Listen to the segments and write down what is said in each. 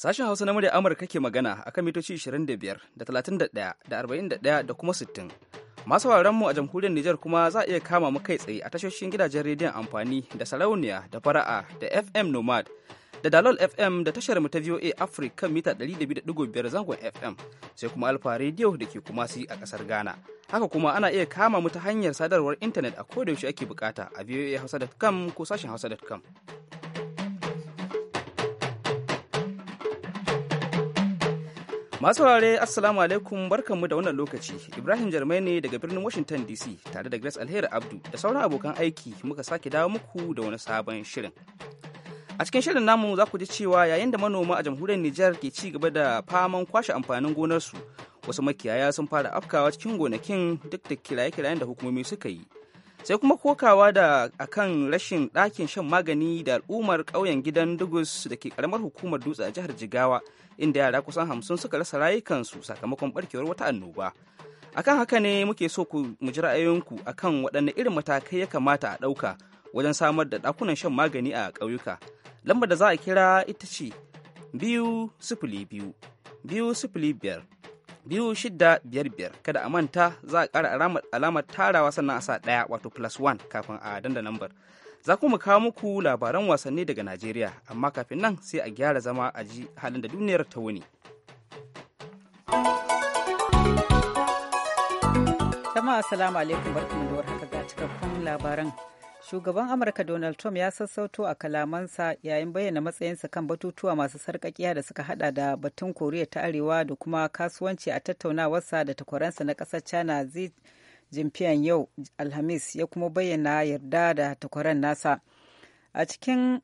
Sashen Hausa na murya Amurka ke magana a kan mitoci 25 da 31 da 41 da kuma 60. Masu mu a jamhuriyar Nijar kuma za a iya kama mu kai tsaye a tashoshin gidajen rediyon amfani da sarauniya da fara'a da FM Nomad da Dalol FM da tashar mu ta VOA Africa mita 200.5 zangon FM sai kuma Alfa Radio da ke kuma si a kasar Ghana. Haka kuma ana iya kama mu ta hanyar sadarwar intanet a kodayaushe ake bukata a voahausa.com ko sashen hausa.com. Masu saurare Assalamu alaikum barkanmu da wannan lokaci. Ibrahim Jarmai ne daga birnin Washington DC tare da Grace Alheri Abdu da sauran abokan aiki muka sake dawo muku da wani sabon shirin. A cikin shirin namu za ku ji cewa yayin da manoma a jamhuriyar Nijar ke ci gaba da faman kwashe amfanin gonarsu, wasu makiyaya sun fara afkawa cikin gonakin duk da kiraye-kirayen da hukumomi suka yi. Sai kuma kokawa da akan rashin ɗakin shan magani da al'ummar ƙauyen gidan Dugus da ke ƙaramar hukumar dutse a jihar Jigawa inda yara kusan hamsin suka rasa rayukansu sakamakon barkewar wata annoba akan haka ne muke so ku mu ji ra'ayoyinku akan waɗanne irin matakai ya kamata a ɗauka wajen samar da ɗakunan shan magani a ƙauyuka lambar da za a kira ita ce biyu sifili biyu biyu sifili biyar biyu shida biyar biyar kada a manta za a ƙara alamar tarawa sannan a sa ɗaya wato plus one kafin a danda lambar za ku mu kawo muku labaran wasanni daga najeriya amma kafin nan sai a gyara zama a ji halin da duniyar ta wuni jama'a assalamu alaikum barkamu da warhaka ga cikakkun labaran shugaban amurka donald trump ya sassauto a kalamansa yayin bayyana matsayinsa kan batutuwa masu sarkakiya da suka hada da batun koriya ta arewa da kuma kasuwanci a tattaunawarsa da takwaransa na kasar china jinfiyan yau alhamis ya kuma bayyana yarda da takwaran nasa a cikin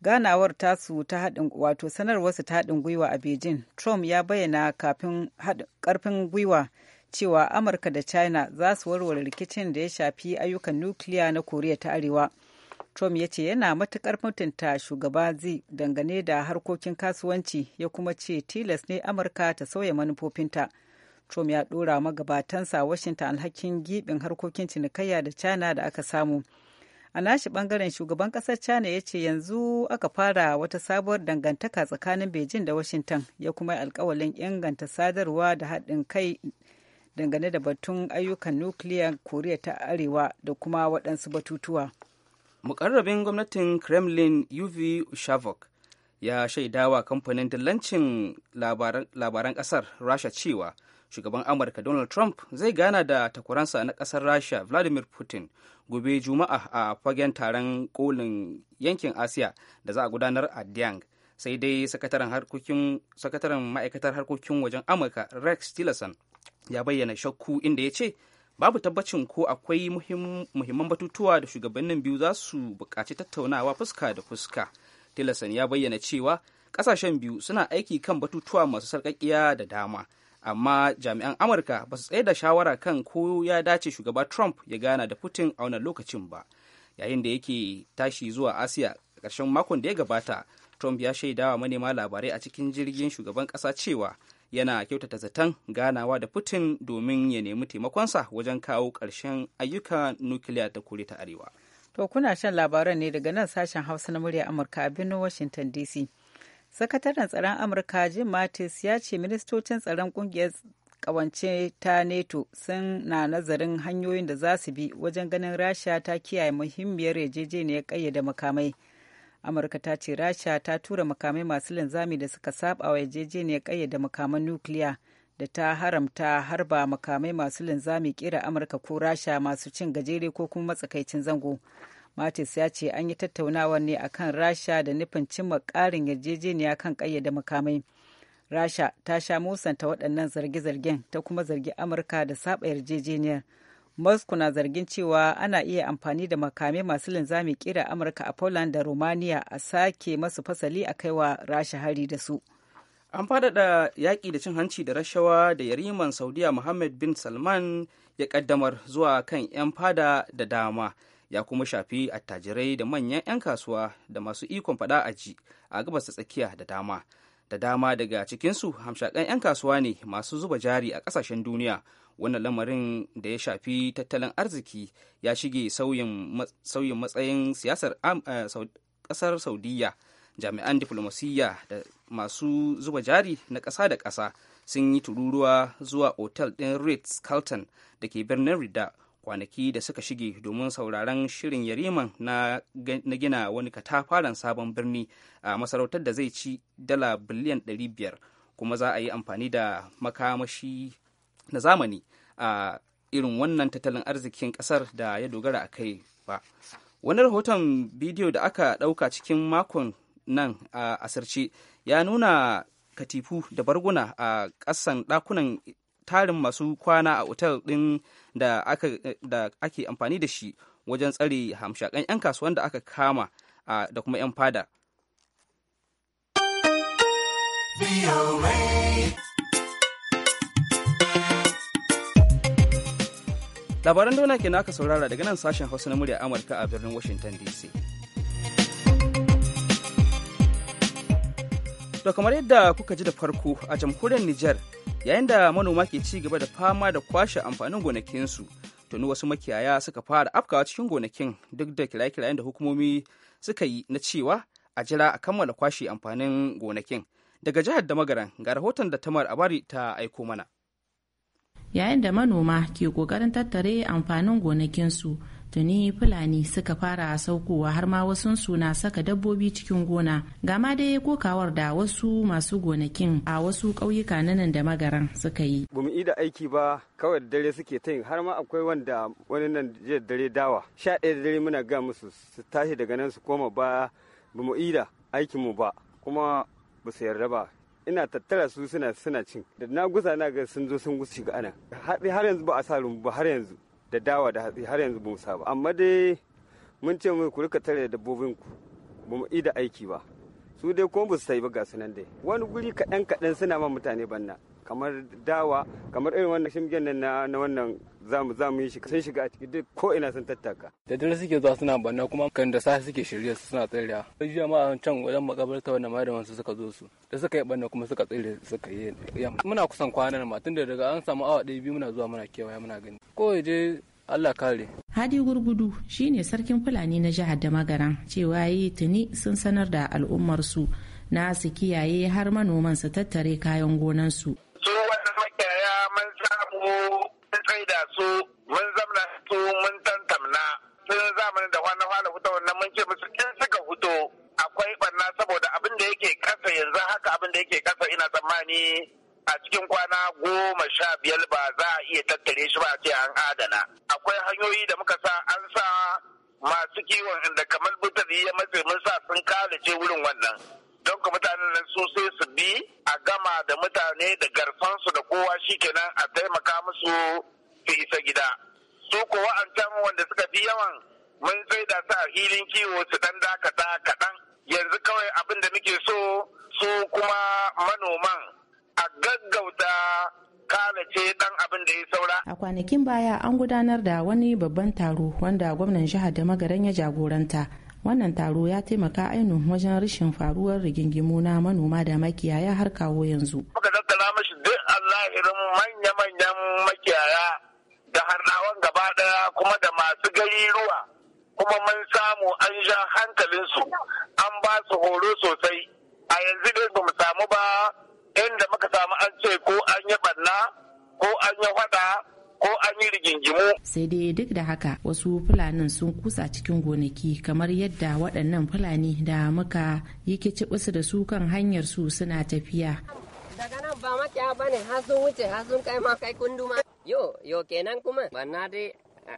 ganawar tasu ta haɗin wato sanarwarsa ta haɗin gwiwa a beijing trump ya bayyana kafin karfin gwiwa cewa amurka da china za su warware rikicin da ya shafi ayyukan nukiliya na koriya ta arewa Trump ya ce yana matukar mutunta shugaba zi dangane da harkokin kasuwanci ya kuma ce tilas ne Amurka ta sauya manufofinta Trump ya ɗora magabatansa a Washington alhakin gibin harkokin cinikayya da China da aka samu. A nashi ɓangaren shugaban ƙasar China ya ce yanzu aka fara wata sabuwar dangantaka tsakanin Beijing da Washington ya kuma yi alkawalin inganta sadarwa da haɗin kai dangane da batun ayyukan nukiliya Koriya ta Arewa da kuma waɗansu batutuwa. Mukarrabin gwamnatin Kremlin uv Shavok ya shaidawa kamfanin dillancin labaran ƙasar Rasha cewa shugaban amurka donald trump zai gana da takuransa na kasar rasha vladimir putin gobe juma'a a fagen taron kolin yankin asiya da za a gudanar a diang sai dai sakataren ma'aikatar harkokin wajen amurka rex tillerson ya bayyana shakku inda ya ce babu tabbacin ko akwai muhimman batutuwa da shugabannin biyu za su buƙaci tattaunawa fuska da fuska tillerson ya bayyana cewa ƙasashen biyu suna aiki kan batutuwa masu sarƙaƙiya da dama amma jami'an amurka ba su tsaye da shawara kan ko ya dace shugaba trump ya gana da putin a wannan lokacin ba yayin da yake tashi zuwa asiya ƙarshen makon da ya gabata trump ya shaidawa manema labarai a cikin jirgin shugaban ƙasa cewa yana kyautata zaton ganawa da putin domin ya nemi taimakonsa wajen kawo ƙarshen ayyukan nukiliya ta kore ta arewa to kuna shan labaran ne daga nan sashen hausa na murya amurka a birnin washington dc sakataren tsaron amurka jim mattis ya ce ministocin tsaron kungiyar kawance ta nato sun na nazarin hanyoyin da za su bi wajen ganin rasha ta kiyaye muhimmiyar yarjejeniyar kayyade makamai amurka ta ce rasha ta tura makamai masu linzami da suka saba wa yarjejeniyar kayyade makaman nukiliya da ta haramta harba makamai masu linzami kira amurka ko rasha masu cin gajere ko kuma matsakaicin zango matis ya ce an yi tattaunawa ne akan rasha da nufin cimma karin yarjejeniya kan ƙayyade makamai rasha ta sha musanta waɗannan zarge-zargen ta kuma zargi amurka da saba yarjejeniyar moscow na zargin cewa ana iya amfani da makamai masu linzami ƙira amurka a poland da romania a sake masu fasali a kaiwa rasha hari da su an faɗaɗa yaƙi da cin hanci da rashawa da yariman saudiya muhammad bin salman ya ƙaddamar zuwa kan 'yan fada da dama ya kuma shafi attajirai da manyan 'yan kasuwa da masu ikon fada a ji a gabas ta tsakiya da dama da dama daga cikinsu hamshakan 'yan kasuwa ne masu zuba jari a kasashen duniya wannan lamarin da ya shafi tattalin arziki ya shige sauyin matsayin siyasar kasar eh, saudiya jami'an diflomasiyya da masu zuba jari na ƙasa da ƙasa sun yi tururuwa zuwa otal ɗin ritz carlton da ke birnin rida kwanaki da suka shige domin sauraron shirin yariman na gina wani katafaren sabon birni a masarautar da zai ci dala biliyan 500 kuma za a yi amfani da makamashi na zamani a irin wannan tattalin arzikin kasar da ya dogara a kai ba wani rahoton bidiyo da aka ɗauka cikin makon nan a asirce ya nuna katifu da barguna a ƙasan ɗakunan tarin masu kwana a otal ɗin da ake amfani da shi wajen tsare hamshakan 'yan kasuwan da aka kama da kuma 'yan fada. Labaran dona ke naka saurara daga nan sashen Hausa na murya Amurka a birnin Washington DC. To kamar yadda kuka ji da farko a jamhuriyar Nijar yayin da manoma ke ci gaba da fama da kwashe amfanin gonakinsu tuni wasu makiyaya suka fara afkawa cikin gonakin duk da kiraye-kirayen da hukumomi suka yi na cewa a jira a kammala kwashe amfanin gonakin daga jihar damagaran ga rahoton da tamar abari ta aiko mana yayin da manoma ke kokarin tattare amfanin gonakinsu tuni fulani suka fara saukowa har ma wasu suna saka dabbobi cikin gona ga ma dai kokawar da wasu masu gonakin a wasu ƙauyuka na nan da magaran suka yi ba mu da aiki ba kawai da dare suke ta yin har ma akwai wanda wani nan jiya dare dawa sha ɗaya da dare muna ga musu su tashi daga nan su koma ba ba mu da aikin mu ba kuma ba su yarda ba ina tattara su suna suna cin da na gusa na ga sun zo sun gusa shiga ana har yanzu ba a sa rumbu har yanzu da dawa da hatsi har yanzu ba amma dai mun ce mu ku rika tare da dabbobin ku ba mu da aiki ba su dai ko ba su sai ba ga sunan dai wani guri kaɗan kaɗan suna ma mutane banna kamar dawa kamar irin wannan shimgen nan na wannan za mu yi shi sun shiga a ciki duk ko ina sun tattaka da dare suke zuwa suna banna kuma kan da sai suke shirye su suna tsirewa sai jama'a can wajen makabarta wannan malaman su suka zo su da suka yi banna kuma suka tsire suka yi muna kusan kwanan ma tunda daga an samu awa ɗaya biyu muna zuwa muna kewaya muna gani ko je Allah kare. Hadi Gurgudu shine sarkin Fulani na jihar damagaran cewa yi tuni sun sanar da al'ummarsu na su kiyaye har manoman su tattare kayan gonansu. tun zamanin da wani fara fito wannan mun ce musu in suka fito akwai barna saboda abin da yake kasa yanzu haka abin da yake kasa ina tsammani a cikin kwana goma sha biyar ba za a iya tattare shi ba a ce an adana akwai hanyoyi da muka sa an sa masu kiwon inda kamar butar ya matse mun sa sun kalace wurin wannan don ka mutanen nan su sai su bi a gama da mutane da garsansu da kowa shi kenan a taimaka musu su isa gida su ko wa'ancan wanda suka fi yawan mun sai da su a filin kiwo su dan dakata kaɗan yanzu kawai abin da muke so su kuma manoman a gaggauta kalace dan abin da ya saura. A kwanakin baya an gudanar da wani babban taro wanda gwamnan jihar da magaran ya jagoranta. Wannan taro ya taimaka ainihin wajen rashin faruwar rigingimu na manoma da makiyaya har kawo yanzu. Muka tattala mashi duk allahirin manya-manyan makiyaya kuma da masu ruwa kuma mun samu an ja hankalinsu an ba su horo sosai a yanzu dai ba mu samu ba inda muka samu an ce ko an yi ɓanna ko an yi faɗa ko an yi rigingimu. Sai dai duk da haka wasu fulanin sun kusa cikin gonaki kamar yadda waɗannan fulani da muka yi kicibisu da su kan hanyar su suna tafiya. Daga nan ba makiya bane har sun wuce har sun kai ma kai kunduma. Yo, yo kenan kuma. Banna dai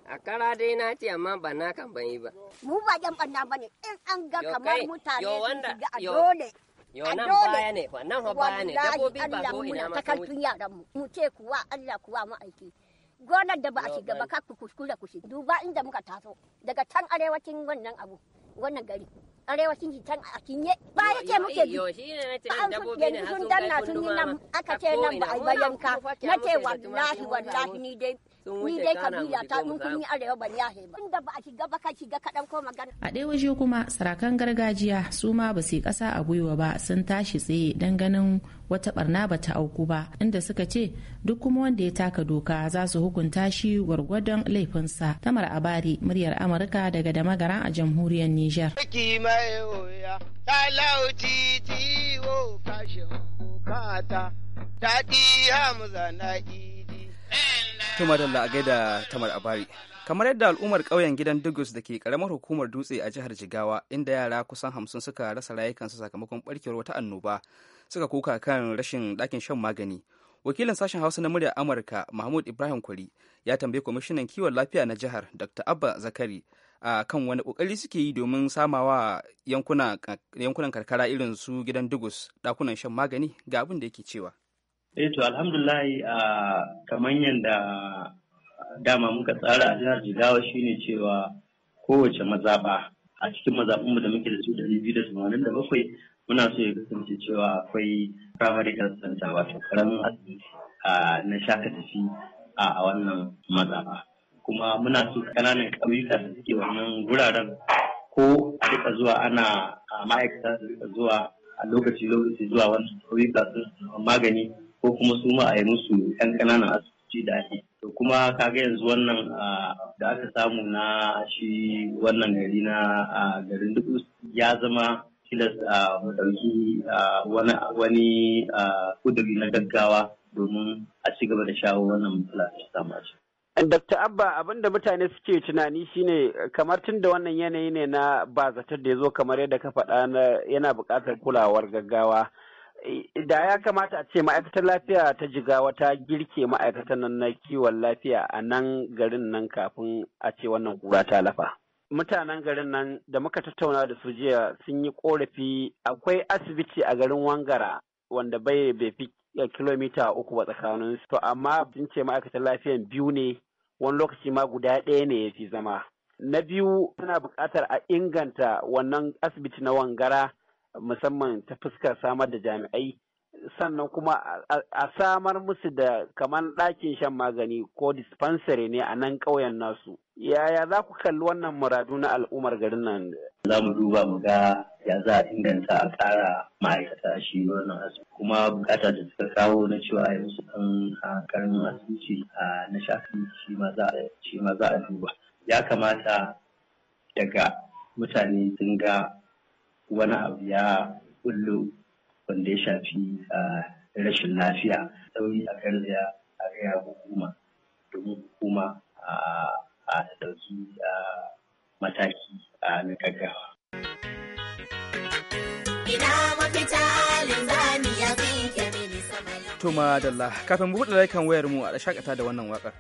A kara dai na ce amma ba na kan ban yi ba. Mu ba jan banna ba ne in an ga kamar mutane sun shiga a dole. Yo nan baya ne fa nan fa baya ne dabbobi ba ko ina ma sun wuce. yaran mu mu ce kuwa Allah kuwa mu aiki. Gonar da ba a shiga ba k'a ku kuskura ku shiga duba inda muka taso daga can arewacin wannan abu wannan gari. arewacin shi can a kinye ba ya ce muke bi yanzu sun danna sun yi nan aka ce nan ba a bayan bayanka na ce wallahi wallahi ni dai ni dai kabila ta mun kun yi arewa inda ba a shiga ba ka kaɗan ko magana a ɗaya waje kuma sarakan gargajiya su ma ba su ƙasa a gwiwa ba sun tashi tsaye dan ganin wata barna ba ta auku ba inda suka ce duk kuma wanda ya taka doka za su hukunta shi gwargwadon laifinsa tamar abari muryar amurka daga damagara a jamhuriyar niger to da a gaida tamar abari kamar yadda al'ummar ƙauyen gidan dugus da ke karamar hukumar dutse a jihar jigawa inda yara kusan hamsin suka rasa rayukansu sakamakon barkewar wata annoba suka kuka kan rashin ɗakin shan magani wakilin sashen hausa na murya amurka mahmud ibrahim kwari ya tambayi kwamishinan kiwon lafiya na jihar dr abba zakari a kan wani kokari suke yi domin samawa yankunan karkara irin su gidan dugus ɗakunan shan magani ga abin da yake cewa Eh to alhamdulahi a kamar yadda dama muka tsara a jihar Jigawa shine cewa kowace mazaba a cikin mazaɓinmu da muke da su ɗari biyu da tamanin da bakwai muna so ya kasance cewa akwai primary health center wato karamin asibiti na shaka a wannan mazaba Kuma muna so ƙananan ƙauyuka da suke wannan guraren ko a rika zuwa ana ma'aikata da rika zuwa a lokaci lokaci zuwa wannan ƙauyuka sun magani ko kuma su ma a yi musu yan ƙananan asibiti da ake to kuma kaga yanzu wannan da aka samu na shi wannan gari na garin duk ya zama tilas a ɗauki wani kuduri na gaggawa domin a ci gaba da shawo wannan matsala da samu Dakta Abba abinda mutane suke tunani shine kamar tun da wannan yanayi ne na ba da ya zo kamar yadda ka faɗa yana buƙatar kulawar gaggawa. Eh, da ya kamata a ce ma'aikatar lafiya ta jigawa ta girke ma'aikatan nan na kiwon lafiya a nan garin nan kafin a ce wannan kura ta lafa. Mutanen garin nan da muka tattauna da su jiya sun yi korafi akwai asibiti a garin Wangara wanda bai fi eh, kilomita uku ba tsakanin su amma sun ce ma'aikatan lafiyan biyu ne wani lokaci ma guda ɗaya ne ya fi zama. Na biyu suna buƙatar a inganta wannan asibiti na Wangara musamman ta fuskar samar da jami'ai sannan kuma a samar musu da kamar ɗakin shan magani ko dispensary ne a nan ƙauyen nasu yaya za ku kalli wannan muradu na al'ummar garin nan za mu duba mu ga ya za a inganta a ƙara ma'aikata shi wannan asibiti kuma bukata da suka kawo na cewa a musu ɗan ƙaramin asibiti na shafi shi ma za a duba ya kamata daga mutane sun ga wani abu ya kullu wanda ya shafi ah, rashin lafiya sauri a garzaya a gaya hukuma domin hukuma ah, a ɗauki ah, mataki na gaggawa. Tuma Dalla, kafin buɗe laikan wayar mu a shakata da wannan waƙar.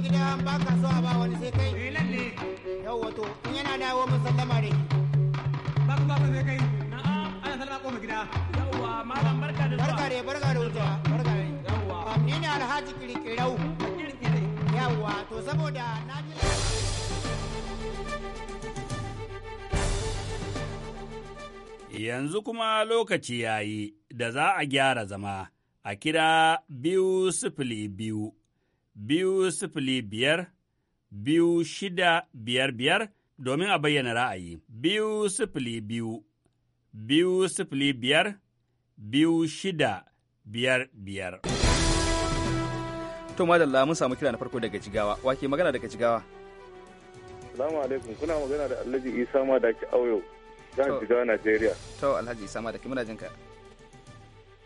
gida ba ka Yanzu kuma lokaci ya yi da za a gyara zama a kira biyu sifili biyu biyu sifili biyar biyu shida biyar biyar domin a bayyana ra'ayi biyu sifili biyu biyu sifili biyar biyu shida biyar biyar. To madalla mun samu kira na farko daga jigawa wake magana daga jigawa. Salamu alaikum kuna magana da Alhaji Isa ma da ke auyo jihar Jigawa Najeriya. To Alhaji Isa ma da ke muna jinka.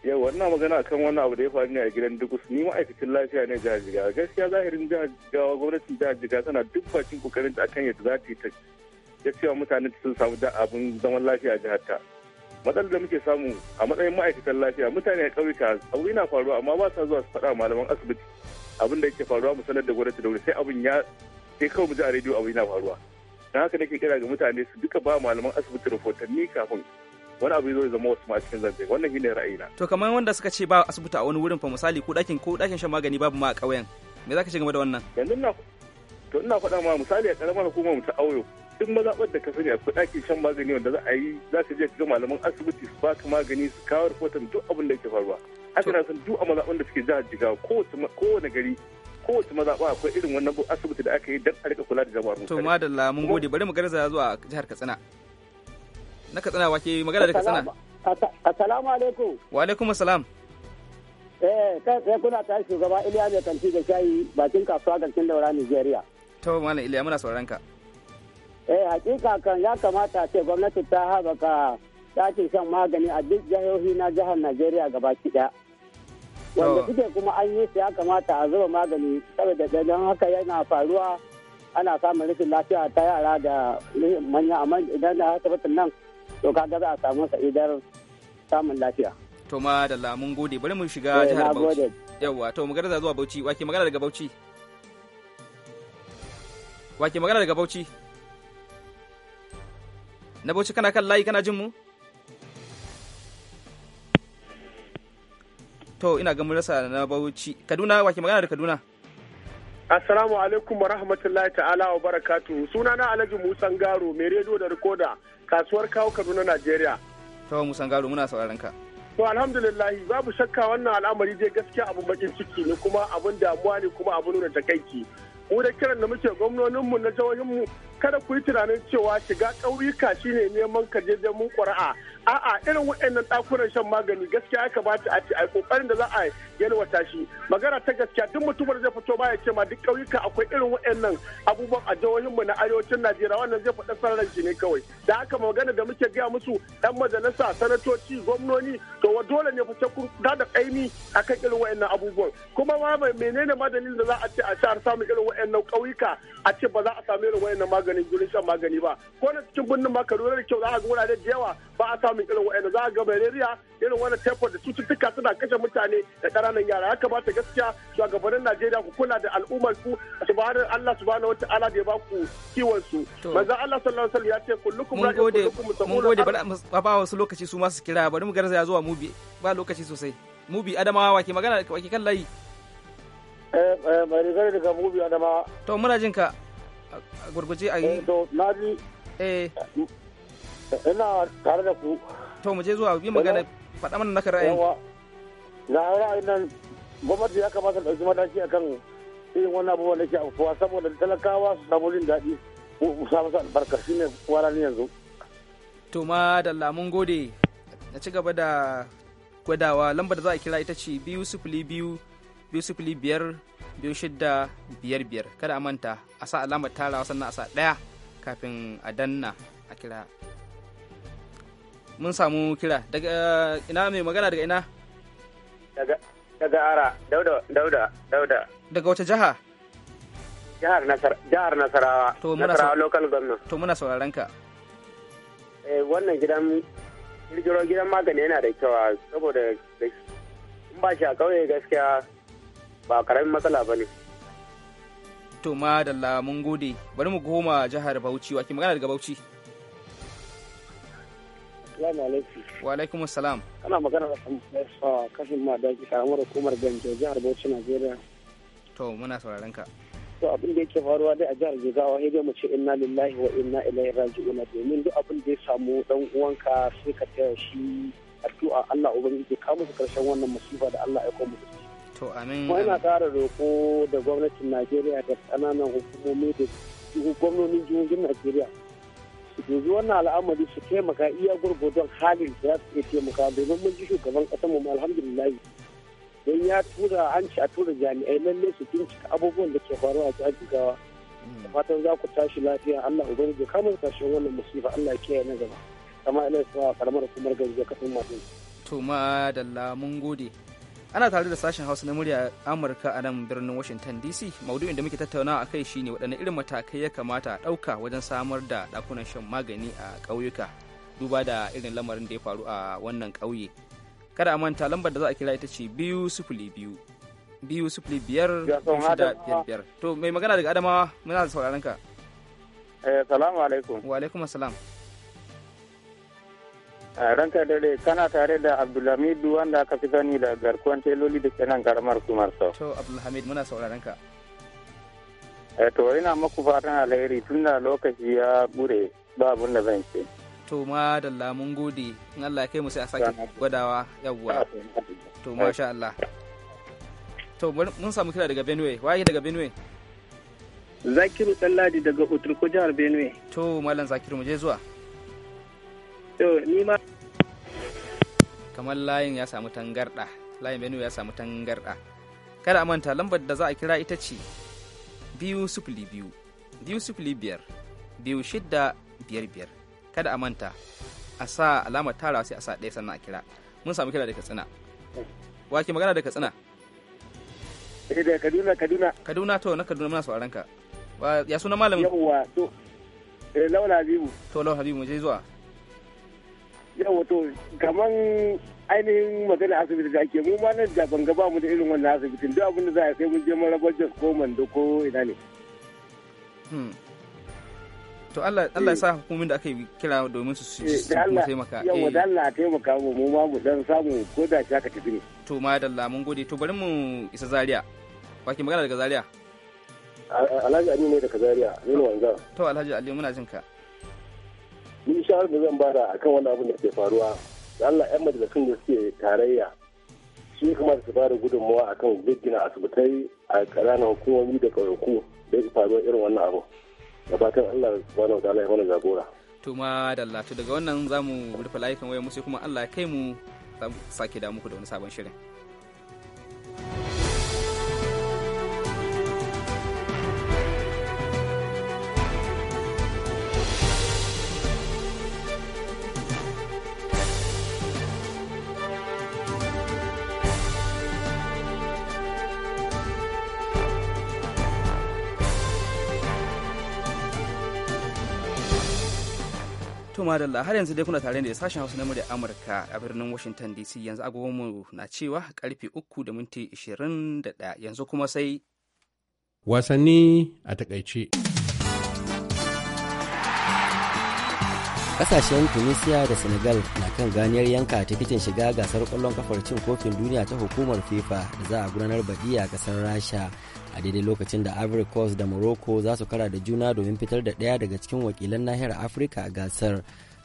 yau wannan magana kan wannan abu da ya faru ne a gidan dukus ni ma'aikacin lafiya ne jihar jigawa gaskiya zahirin jihar jigawa gwamnatin jihar jigawa tana duk bakin kokarin ta akan yadda za ta yi ta ya cewa mutane sun samu da abin zaman lafiya a jihar ta matsalar da muke samu a matsayin ma'aikatan lafiya mutane a ƙauyuka abu yana faruwa amma ba sa zuwa su faɗa malaman asibiti abin da yake faruwa mu sanar da gwamnati da wuri sai abin ya sai kawai mu ji a rediyo abu yana faruwa na haka nake kira ga mutane su duka ba malaman asibiti rahotanni kafin wani abu zai zama wasu ma cikin zance wannan shine ra'ayina to kamar wanda suka ce ba asibiti a wani wurin fa misali ko dakin ko dakin shan magani babu ma a ƙauyen me zaka ce game da wannan yanzu na to ina faɗa ma misali a ƙaramar hukumar mu ta auyo duk mazaɓar da ka sani akwai ɗakin shan magani wanda za a yi za ka je ka ga malaman asibiti su ba ka magani su kawo rahoton duk abin da yake faruwa haka na san duk a mazaɓar da suke jihar jigawa kowace gari kowace mazaɓa akwai irin wannan asibiti da aka yi don a rika kula da jama'ar mutane. To madalla mun gode bari mu garza zuwa jihar Katsina. na katsina wake magana da katsina assalamu alaikum wa alaikum assalam eh kai sai kuna ta shugaba Iliya mai kanti da shayi bakin kasuwa garkin daura Nigeria to mallam Iliya muna sauraron ka eh hakika kan ya kamata ce gwamnati ta haɓaka ɗakin shan magani a duk jihohi na jihar Najeriya gabaki ɗaya wanda suke kuma an yi su ya kamata a zuba magani saboda dadan haka yana faruwa ana samun rashin lafiya ta yara da manya amma idan da asibitin nan to kaga za a samu sa'idar samun lafiya to ma da lamun gode bari mu shiga eh, jihar Bauchi Yawwa to magana za zuwa Bauchi wake magana daga Bauchi wake magana daga Bauchi na Bauchi kana kan layi kana jin mu to ina ga mun rasa na Bauchi Kaduna wake magana da Kaduna Assalamu alaikum wa rahmatullahi ta'ala wa barakatu. suna na Alhaji Musan Garo mai rediyo da rikoda kasuwar kawo Kaduna Najeriya. Tawa Musan Garo muna sauraron ka. To alhamdulillahi babu shakka wannan al'amari dai gaskiya abu bakin ciki ne kuma abun damuwa ne kuma abu nuna takaici. Mu da kiran da muke gwamnoninmu na jihohinmu kada ku yi tunanin cewa shiga ƙauyuka shine neman kajejen mun ƙuri'a a'a irin waɗannan dakunan shan magani gaskiya ya kamata a ce a kokarin da za a yalwa shi magana ta gaskiya duk mutumin zai fito baya ce ma duk ƙauyuka akwai irin waɗannan abubuwan a jihohin mu na arewacin Najeriya wannan zai faɗa sararin shi ne kawai da haka magana da muke gaya musu ɗan majalisa sanatoci gwamnoni to wa dole ne fice kun da ƙaimi akan irin waɗannan abubuwan kuma ma menene ma da za a ce a sha samu irin waɗannan ƙauyuka a ce ba za a samu irin waɗannan maganin gurin shan magani ba ko na cikin birnin ma da kyau za a ga wurare da yawa ba a samu samun irin wa'anda za a ga malaria irin wani typhoid da cututtuka suna kashe mutane da ƙananan yara haka ba ta gaskiya shugabannin Najeriya ku kula da al'ummar ku subhanahu Allah subhanahu wata'ala da ya ba ku kiwon su manzo Allah sallallahu alaihi wasallam ya ce kullukum ra'in kullukum mun gode bari a ba wasu lokaci su ma su kira bari mu garzaya zuwa mubi ba lokaci sosai mubi adamawa wake magana ke kan layi eh eh bari gare daga mubi adamawa to muna jinka gurguje a yi eh, to naji eh ina tare da ku to mu je zuwa bi magana faɗa mana naka ra'ayin na ra'ayin nan gwamnati ya kamata ɗauki mataki akan irin wannan abubuwan da ke afuwa saboda talakawa su samu jin daɗi ku samu su albarka shi ne ni yanzu to ma da lamun gode na ci gaba da gwadawa lambar da za a kira ita ce biyu sifili biyu biyu sifili biyar biyu shidda biyar biyar kada a manta a sa alamar tarawa sannan a sa ɗaya kafin a danna a kira mun samu kira daga ina mai magana daga ina daga daga ara dauda dauda dauda daga wace jiha jihar nasar jihar nasarawa to muna nasarawa local government to muna sauraron ka eh wannan gidan girgiro gidan magani yana da kyau saboda in ba shi a kauye gaskiya ba karamin matsala bane. ne to madalla mun gode bari mu goma jihar bauchi wa ke magana daga bauchi Assalamu alaikum. Wa alaikum assalam. Ana magana da Samsa kashin madaki karamar hukumar Ganjo jihar Bauchi Najeriya. To muna sauraron ka. To abin da yake faruwa dai a jihar Jigawa sai dai mu ce inna lillahi wa inna ilaihi raji'un domin duk abin da ya samu dan uwanka sai ka taya shi addu'a Allah ubangiji ka musu karshen wannan musiba da Allah ya kawo musu. To amin. ko ina ƙara roƙo da gwamnatin Najeriya da kananan hukumomi da gwamnonin jihohin Najeriya. yanzu wannan al'amari su taimaka iya gurgurdon halin da za su iya taimaka domin mun ji shugaban ƙasar mu alhamdulillah don ya tura an ci a tura jami'ai lalle su bincika abubuwan da ke faruwa a jigawa da fatan za ku tashi lafiya Allah da kamar tashin wannan musifa Allah ya kiyaye na gaba kama ina sa karamar kumar gajiya kasan masu to ma dalla mun gode ana tare da sashen hausa na murya amurka a nan birnin washington dc maudu'in da muke tattaunawa kai shine waɗanne irin matakai ya kamata a ɗauka wajen samar da ɗakunan shan magani a ƙauyuka duba da irin lamarin da ya faru a wannan ƙauye kada a manta lambar da za a kira ita ce biyu sufuli biyu biyu sufuli biyar shida biyar biyar to mai magana daga adamawa muna da sauraron ka eh, salamu alaikum wa alaikum assalam ranka dare kana tare da abdulhamidu wanda aka fi sani da garkuwan teloli da kenan karamar kumar sau to abdulhamid muna sauraron ka e, to ina maku fatan alheri tun da lokaci ya bure ba abun da zan ce to ma da lamun gode in Allah ya kai mu sai a sake gwadawa yawwa to masha Allah to mun samu kira daga Benue waye daga Benue Zakiru Dalladi daga Uturko jihar Benue to malam Zakiru mu je zuwa to ni ma kamar layin ya samu tangarɗa, layin benue ya samu tangarɗa. kada a manta lambar da za a kira ita ce biyu sufuli biyu biyu sufuli biyar biyu shidda biyar biyar kada a manta a sa alamar tara sai a sa ɗaya sannan a kira mun samu kira da katsina wa ke magana da katsina eh da kaduna kaduna kaduna to na kaduna muna sauraron ka ya suna malamin yawwa to eh, lawan habibu to lawan habibu mu je zuwa yau to kaman ainihin magana asibiti da ake mu ma nan da ban gaba mu da irin wannan asibitin duk abin da za a sai mun je rabar jos ko mando ko ina ne. Hmm. to Allah ya sa hukumomin da aka yi kira domin su su eh, taimaka eh yawa da Allah taimaka mu mu ma mu dan samu ko da shi aka tafi ne to ma da Allah mun gode to bari mu isa Zaria wa ke magana daga Zaria Alhaji Ali ne daga Zaria ne wanzan to Alhaji Ali muna jin ka ni shawarar da zan bada akan wani abin da ke faruwa Allah yan majalisun da suke tarayya shi kamata su bada gudunmawa akan giggina asibitai a ƙananan hukumomi da ƙauyaku da ya faruwa irin wannan abu da fatan Allah subhanahu wataala ya wani jagora to ma da daga wannan zamu rufe layukan wayar mu sai kuma Allah ya kai mu sake da muku da wani sabon shirin To madalla har yanzu dai kuna tare da sashen Hausa na murya Amurka a birnin Washington DC yanzu agogonmu na cewa karfe uku da minti 21 yanzu kuma sai wasanni a takaice. Kasashen Tunisia da Senegal na kan ganiyar yanka tikitin shiga gasar kwallon kafar cin kofin duniya ta hukumar FIFA da za a gudanar baɗi a ƙasar Rasha. a daidai lokacin da ivory coast da morocco za su kara da juna domin fitar da ɗaya daga cikin wakilan nahiyar afirka a gasar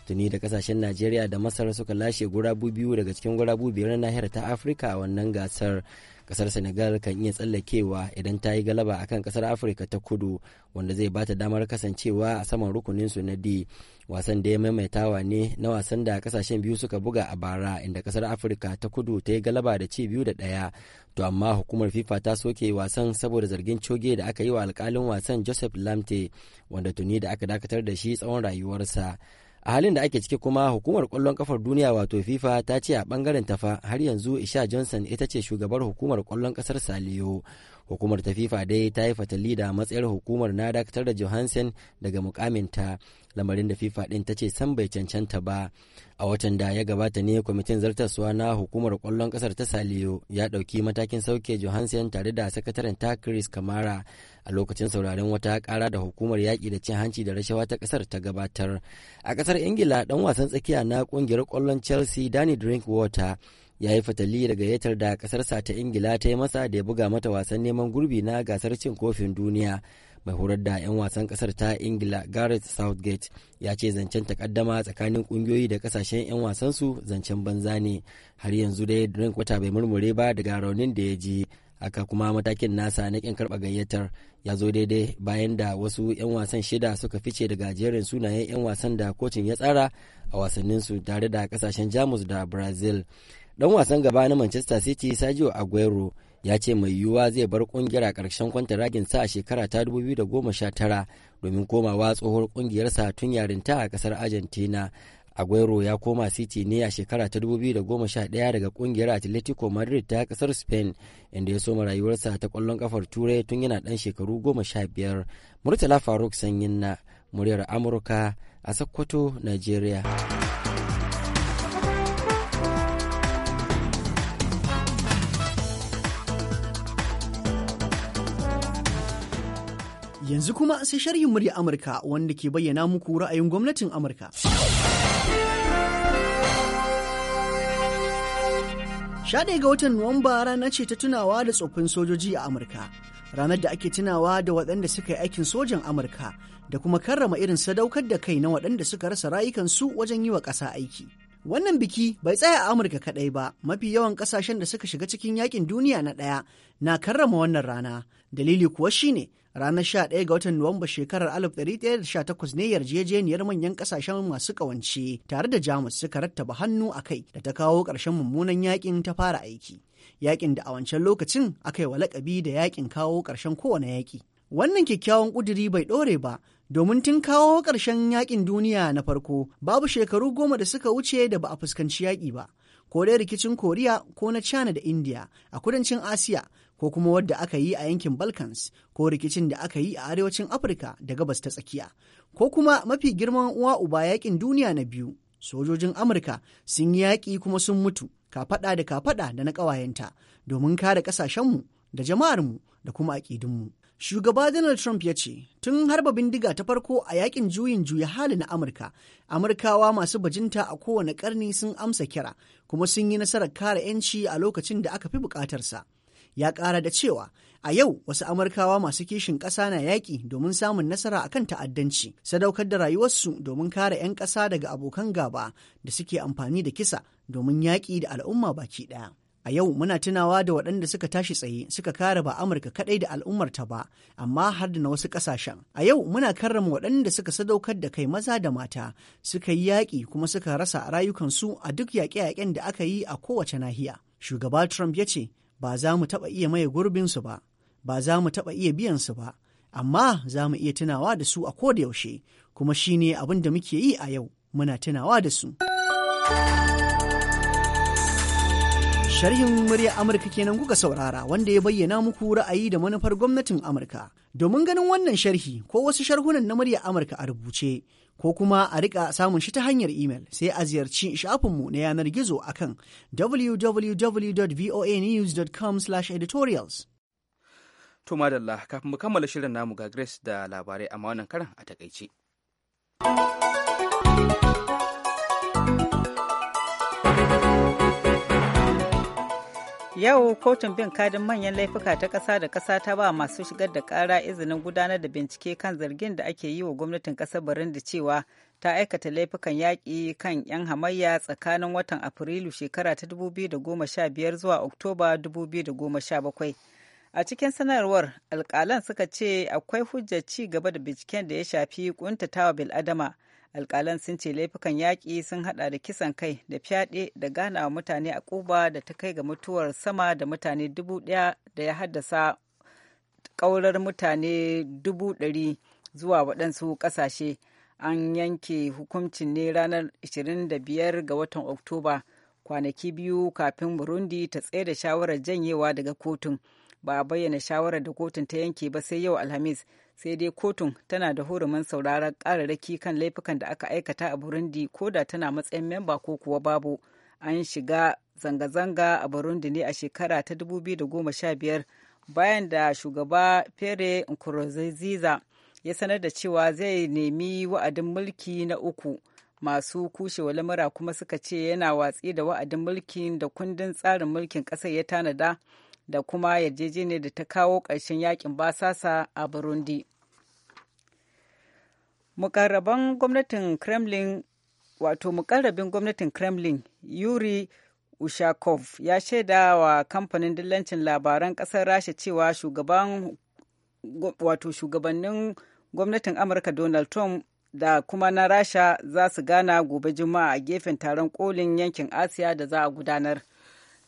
tuni da kasashen najeriya da masar suka lashe gurabu biyu daga cikin gurabu biyar na nahiyar ta afirka a wannan gasar kasar senegal kan iya tsallakewa idan ta yi galaba akan kasar afirka ta kudu wanda zai bata damar kasancewa a saman rukuninsu na d wasan da ya maimaitawa ne na wasan da kasashen biyu suka buga a bara inda kasar afirka ta kudu ta yi galaba da ci biyu da daya to amma hukumar fifa ta soke wasan saboda zargin coge da aka yi wa alkalin wasan joseph lamte wanda tuni da aka dakatar da shi tsawon rayuwarsa a halin da ake ciki kuma hukumar kwallon kafar duniya wato fifa ta ce a bangaren tafa har yanzu isha johnson ita ce shugabar hukumar kwallon kasar saliyo hukumar ta fifa dai ta yi fatali da matsayar hukumar na dakatar da johansen daga mukaminta lamarin da fifa din ta ce san bai cancanta ba a watan da ya gabata ne kwamitin zartaswa na hukumar kwallon kasar ta saliyo ya dauki matakin sauke johansen tare da sakataren ta chris kamara a lokacin sauraren wata kara da hukumar yaƙi da cin hanci da rashawa ta kasar ta gabatar a kasar ingila dan wasan tsakiya na kungiyar kwallon chelsea danny drinkwater ya yi fatali daga yatar da ƙasarsa ta ingila ta yi masa da ya buga mata wasan neman gurbi na gasar cin kofin duniya mai horar da 'yan wasan kasar ta ingila gareth southgate ya ce zancen takaddama tsakanin kungiyoyi da kasashen 'yan wasansu zancen banza ne har yanzu dai drink wata bai murmure ba daga raunin da ya ji haka kuma matakin nasa na kin karba gayyatar ya zo daidai bayan da wasu 'yan wasan shida suka fice daga jerin sunayen 'yan wasan da kocin ya tsara a wasanninsu tare da kasashen jamus da brazil dan wasan gaba na manchester city sergio aguero ya ce mai yiwuwa zai bar kungiyar a ƙarshen ragin sa a shekara ta 2019 domin komawa tsohuwar kungiyarsa tun yarinta a ƙasar argentina aguero ya koma city ne a shekara ta 2011 daga kungiyar atletico madrid ta kasar spain inda ya soma rayuwarsa ta kwallon kafar turai tun yana dan shekaru 15 murtala faruk sanyin na muryar amurka a sokoto nigeria Yanzu kuma sai sharhin murya Amurka wanda ke bayyana muku ra'ayin gwamnatin Amurka. Shaɗe ga watan Nuwamba rana ce ta tunawa da tsoffin sojoji a Amurka. Ranar da ake tunawa da waɗanda suka yi aikin sojan Amurka da kuma karrama irin sadaukar da kai na waɗanda suka rasa rayukansu wajen yi wa ƙasa aiki. Wannan biki bai tsaya a Amurka kaɗai ba, mafi yawan ƙasashen da suka shiga cikin yaƙin duniya na ɗaya na karrama wannan rana. Dalili kuwa shine ranar 11 ga watan Nuwamba shekarar 1918 ne yarjejeniyar manyan kasashen masu ƙawance. tare da Jamus suka rattaba hannu a kai da ta kawo ƙarshen mummunan yakin ta fara aiki. Yakin da a wancan lokacin aka yi wa lakabi da yakin kawo ƙarshen kowane yaƙi. Wannan kyakkyawan ƙuduri bai ɗore ba domin tun kawo ƙarshen yakin duniya na farko babu shekaru goma da suka wuce da ba a fuskanci yaƙi ba. Ko dai rikicin Koriya ko na China da India a kudancin Asiya ko kuma wadda aka yi a yankin Balkans ko rikicin da aka yi a arewacin Afirka da gabas ta tsakiya ko kuma mafi girman uwa uba yakin duniya na biyu sojojin Amurka sun yi yaƙi kuma sun mutu kafaɗa da kafaɗa da na ƙawayenta domin kare ƙasashenmu da jama'armu da kuma aƙidunmu. Shugaba Donald Trump ya ce, tun harba bindiga ta farko a yakin juyin juya hali na Amurka, Amurkawa masu bajinta a kowane ƙarni sun amsa kira, kuma sun yi nasarar kare 'yanci a lokacin da aka fi buƙatarsa. ya ƙara da cewa a yau wasu amurkawa masu kishin ƙasa na yaƙi domin samun nasara akan ta'addanci sadaukar da rayuwarsu domin kare 'yan ƙasa daga abokan gaba da suke amfani da kisa domin yaƙi da al'umma baki ɗaya a yau muna tunawa da waɗanda suka tashi tsaye suka kare ba amurka kaɗai da al'ummarta ba amma har da na wasu ƙasashen a yau muna karrama waɗanda suka sadaukar da kai maza da mata suka yi yaƙi kuma suka rasa rayukansu a duk yaƙe-yaƙen da aka yi a kowace nahiya shugaba trump ya ce ba za mu taɓa iya maye gurbinsu ba, ba za mu taɓa iya biyansu ba, amma za mu iya tunawa da su a yaushe kuma shi ne abin da muke yi a yau, muna tunawa da su. Sharhin murya Amurka kenan kuka saurara wanda ya bayyana muku ra'ayi da manufar gwamnatin Amurka. Domin ganin wannan sharhi ko wasu sharhunan na murya Amurka a rubuce, ko kuma a rika samun shi ta hanyar imel sai a ziyarci shafinmu na yanar gizo akan www.voanews.com/editorials. To madalla kafin mu kammala shirin namu ga Grace da labarai amma wannan karan a takaice. Yau kotun bin kadin manyan laifuka ta ƙasa da ƙasa ta ba masu shigar da ƙara izinin gudanar da bincike kan zargin da ake yi wa gwamnatin ƙasar Burundi cewa ta aikata laifukan yaƙi kan 'yan hamayya tsakanin watan Afrilu shekara ta 2015 zuwa Oktoba 2017. A cikin sanarwar, alƙalan suka ce akwai hujjar ci gaba da binciken da ya shafi ƙuntatawa bil'adama. alkalan sun ce laifukan yaƙi sun hada da kisan kai da fyaɗe da ganawa mutane a kuba da ta kai ga mutuwar sama da mutane dubu ɗaya da ya haddasa ƙaurar mutane dubu ɗari zuwa waɗansu ƙasashe an yanke hukuncin ne ranar 25 ga watan oktoba kwanaki biyu kafin burundi ta tsaye da shawarar janyewa daga kotun ba a bayyana shawarar da kotun ta yanke ba sai yau alhamis sai dai kotun tana da hurumin sauraron kararraki kan laifukan da aka aikata a burundi ko da tana matsayin memba ko kuwa babu an shiga zanga-zanga a burundi ne a shekara ta 2015 bayan da shugaba fere nkurunziza ya sanar da cewa zai nemi wa'adin mulki na uku masu kushewa lamura kuma suka ce yana watsi da wa'adin mulkin da kundin tsarin mulkin ƙasar ya tanada da kuma yarjejeniyar da ta kawo ƙarshen yakin basasa a burundi mukarraban gwamnatin kremlin wato mukarrabin gwamnatin kremlin yuri ushakov ya shaida wa kamfanin dillancin labaran ƙasar rasha cewa shugaban wato shugabannin gwamnatin amurka donald trump da kuma na rasha za su gana gobe juma'a a gefen taron kolin yankin asiya da za a gudanar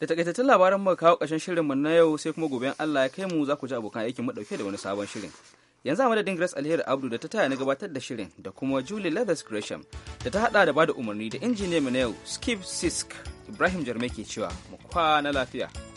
da takaitattun labaran mu kawo ƙarshen shirin mu na yau sai kuma gobe Allah ya kai mu za ku ji abokan aikin mu dauke da wani sabon shirin yanzu a madadin Grace Alheri Abdu da ta taya na gabatar da shirin da kuma Julie Leathers Gresham da ta hada da bada umarni da injiniya mu na yau Skip Sisk Ibrahim Jarme ke cewa mu kwana lafiya